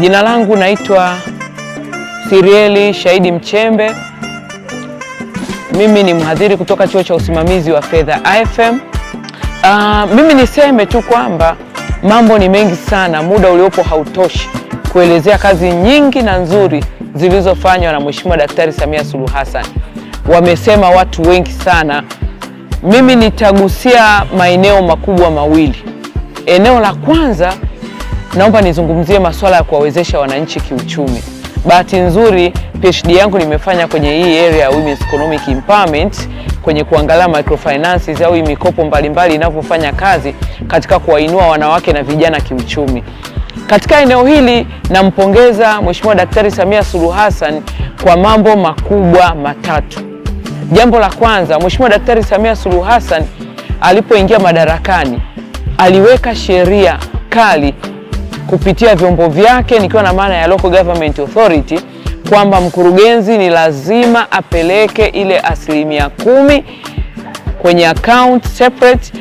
Jina langu naitwa Sirieli Shahidi Mchembe. Mimi ni mhadhiri kutoka chuo cha usimamizi wa fedha IFM. Uh, ah, mimi niseme tu kwamba mambo ni mengi sana, muda uliopo hautoshi kuelezea kazi nyingi na nzuri zilizofanywa na Mheshimiwa Daktari Samia Suluhu Hassan. Wamesema watu wengi sana. Mimi nitagusia maeneo makubwa mawili. Eneo la kwanza naomba nizungumzie masuala ya kuwawezesha wananchi kiuchumi. Bahati nzuri PhD yangu nimefanya kwenye hii area ya Women's Economic Empowerment kwenye kuangalia microfinances au mikopo mbalimbali inavyofanya kazi katika kuwainua wanawake na vijana kiuchumi. Katika eneo hili nampongeza Mheshimiwa Daktari Samia Suluhu Hassan kwa mambo makubwa matatu. Jambo la kwanza, Mheshimiwa Daktari Samia Suluhu Hassan alipoingia madarakani aliweka sheria kali kupitia vyombo vyake, nikiwa na maana ya local government authority, kwamba mkurugenzi ni lazima apeleke ile asilimia kumi kwenye account separate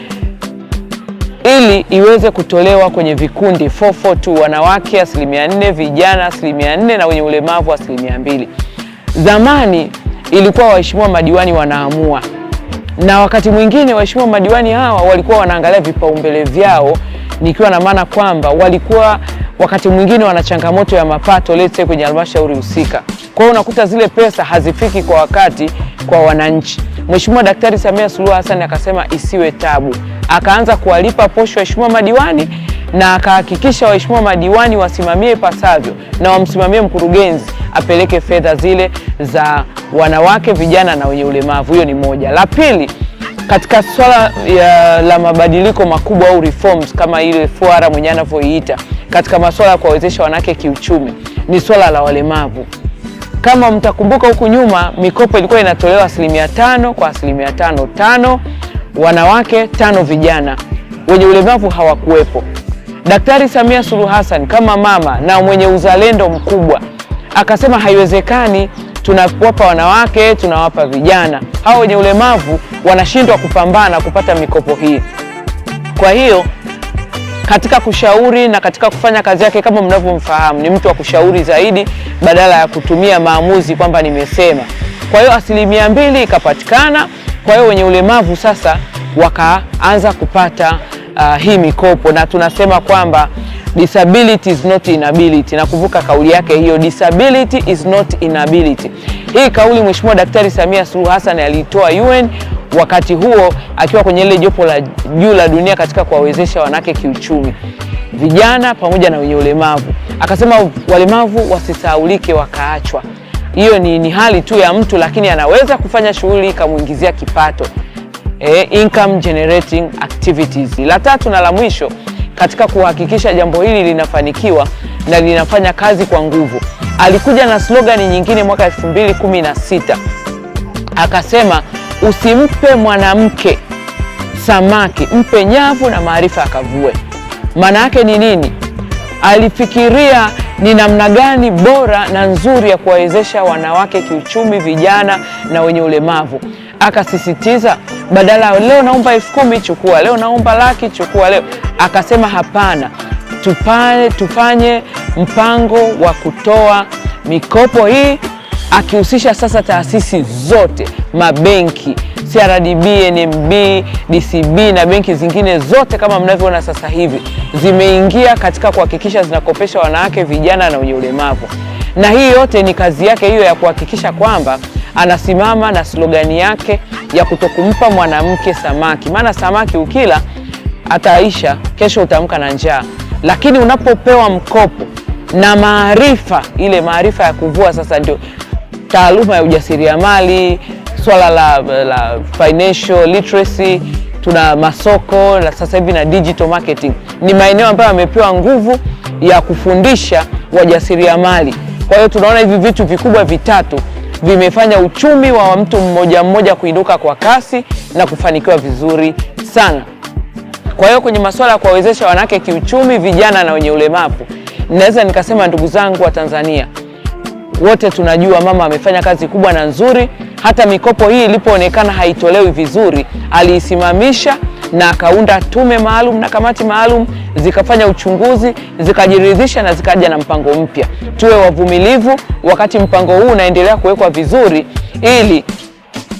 ili iweze kutolewa kwenye vikundi 442 wanawake asilimia nne, vijana asilimia nne na wenye ulemavu asilimia mbili. Zamani ilikuwa waheshimiwa madiwani wanaamua, na wakati mwingine waheshimiwa madiwani hawa walikuwa wanaangalia vipaumbele vyao nikiwa na maana kwamba walikuwa wakati mwingine wana changamoto ya mapato lete kwenye halmashauri husika. Kwa hiyo unakuta zile pesa hazifiki kwa wakati kwa wananchi. Mheshimiwa Daktari Samia Suluhu Hassan akasema isiwe tabu, akaanza kuwalipa posho waheshimiwa madiwani na akahakikisha waheshimiwa madiwani wasimamie ipasavyo na wamsimamie mkurugenzi apeleke fedha zile za wanawake, vijana na wenye ulemavu. Hiyo ni moja. La pili katika swala ya, la mabadiliko makubwa au reforms kama ile fuara mwenyewe anavyoiita katika masuala ya kuwawezesha wanawake kiuchumi ni swala la walemavu. Kama mtakumbuka, huku nyuma mikopo ilikuwa inatolewa asilimia tano kwa asilimia tano tano, wanawake tano, vijana wenye ulemavu hawakuwepo. Daktari Samia Suluhu Hassan kama mama na mwenye uzalendo mkubwa akasema haiwezekani tunawapa wanawake, tunawapa vijana. Hao wenye ulemavu wanashindwa kupambana kupata mikopo hii. Kwa hiyo katika kushauri na katika kufanya kazi yake, kama mnavyomfahamu, ni mtu wa kushauri zaidi badala ya kutumia maamuzi kwamba nimesema. Kwa hiyo asilimia mbili ikapatikana. Kwa hiyo wenye ulemavu sasa wakaanza kupata uh, hii mikopo na tunasema kwamba disability is not inability. Nakumbuka kauli yake hiyo, disability is not inability. Hii kauli Mheshimiwa Daktari Samia Suluhu Hassan aliitoa UN wakati huo akiwa kwenye ile jopo la juu la dunia katika kuwawezesha wanawake kiuchumi, vijana pamoja na wenye ulemavu. Akasema walemavu wasisaulike wakaachwa. Hiyo ni, ni hali tu ya mtu, lakini anaweza kufanya shughuli ikamwingizia kipato. E, income generating activities. La tatu na la mwisho katika kuhakikisha jambo hili linafanikiwa na linafanya kazi kwa nguvu. Alikuja na slogani nyingine mwaka 2016 akasema, usimpe mwanamke samaki, mpe nyavu na maarifa akavue. Maana yake ni nini? Alifikiria ni namna gani bora na nzuri ya kuwawezesha wanawake kiuchumi, vijana na wenye ulemavu. Akasisitiza badala leo naomba elfu kumi chukua, leo naomba laki chukua, leo akasema hapana, tupane, tufanye mpango wa kutoa mikopo hii akihusisha sasa taasisi zote, mabenki CRDB, NMB, DCB na benki zingine zote kama mnavyoona sasa hivi zimeingia katika kuhakikisha zinakopesha wanawake, vijana na wenye ulemavu. Na hii yote ni kazi yake hiyo ya kuhakikisha kwamba anasimama na slogani yake ya kutokumpa mwanamke samaki, maana samaki ukila ataisha, kesho utaamka na njaa. Lakini unapopewa mkopo na maarifa, ile maarifa ya kuvua sasa ndio taaluma ya ujasiriamali, swala la, la financial literacy, tuna masoko la sasa hivi na digital marketing, ni maeneo ambayo yamepewa nguvu ya kufundisha wajasiriamali. Kwa hiyo tunaona hivi vitu vikubwa vitatu vimefanya uchumi wa mtu mmoja mmoja kuinuka kwa kasi na kufanikiwa vizuri sana. Kwa hiyo kwenye masuala ya kuwawezesha wanawake kiuchumi, vijana na wenye ulemavu, naweza nikasema ndugu zangu wa Tanzania wote tunajua mama amefanya kazi kubwa na nzuri. Hata mikopo hii ilipoonekana haitolewi vizuri, aliisimamisha na akaunda tume maalum na kamati maalum, zikafanya uchunguzi, zikajiridhisha na zikaja na mpango mpya. Tuwe wavumilivu wakati mpango huu unaendelea kuwekwa vizuri, ili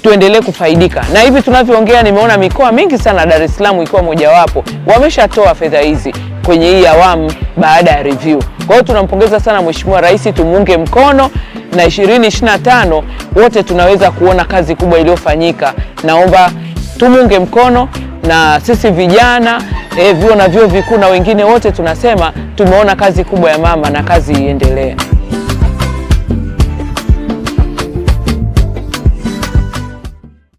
tuendelee kufaidika. Na hivi tunavyoongea, nimeona mikoa mingi sana, Dar es Salaam ikiwa mojawapo, wameshatoa fedha hizi kwenye hii awamu baada ya review. Kwa hiyo tunampongeza sana Mheshimiwa Rais, tumuunge mkono na 2025 wote tunaweza kuona kazi kubwa iliyofanyika. Naomba tumunge mkono na sisi vijana e, vyuo na vyuo vikuu na wengine wote tunasema tumeona kazi kubwa ya mama na kazi iendelee.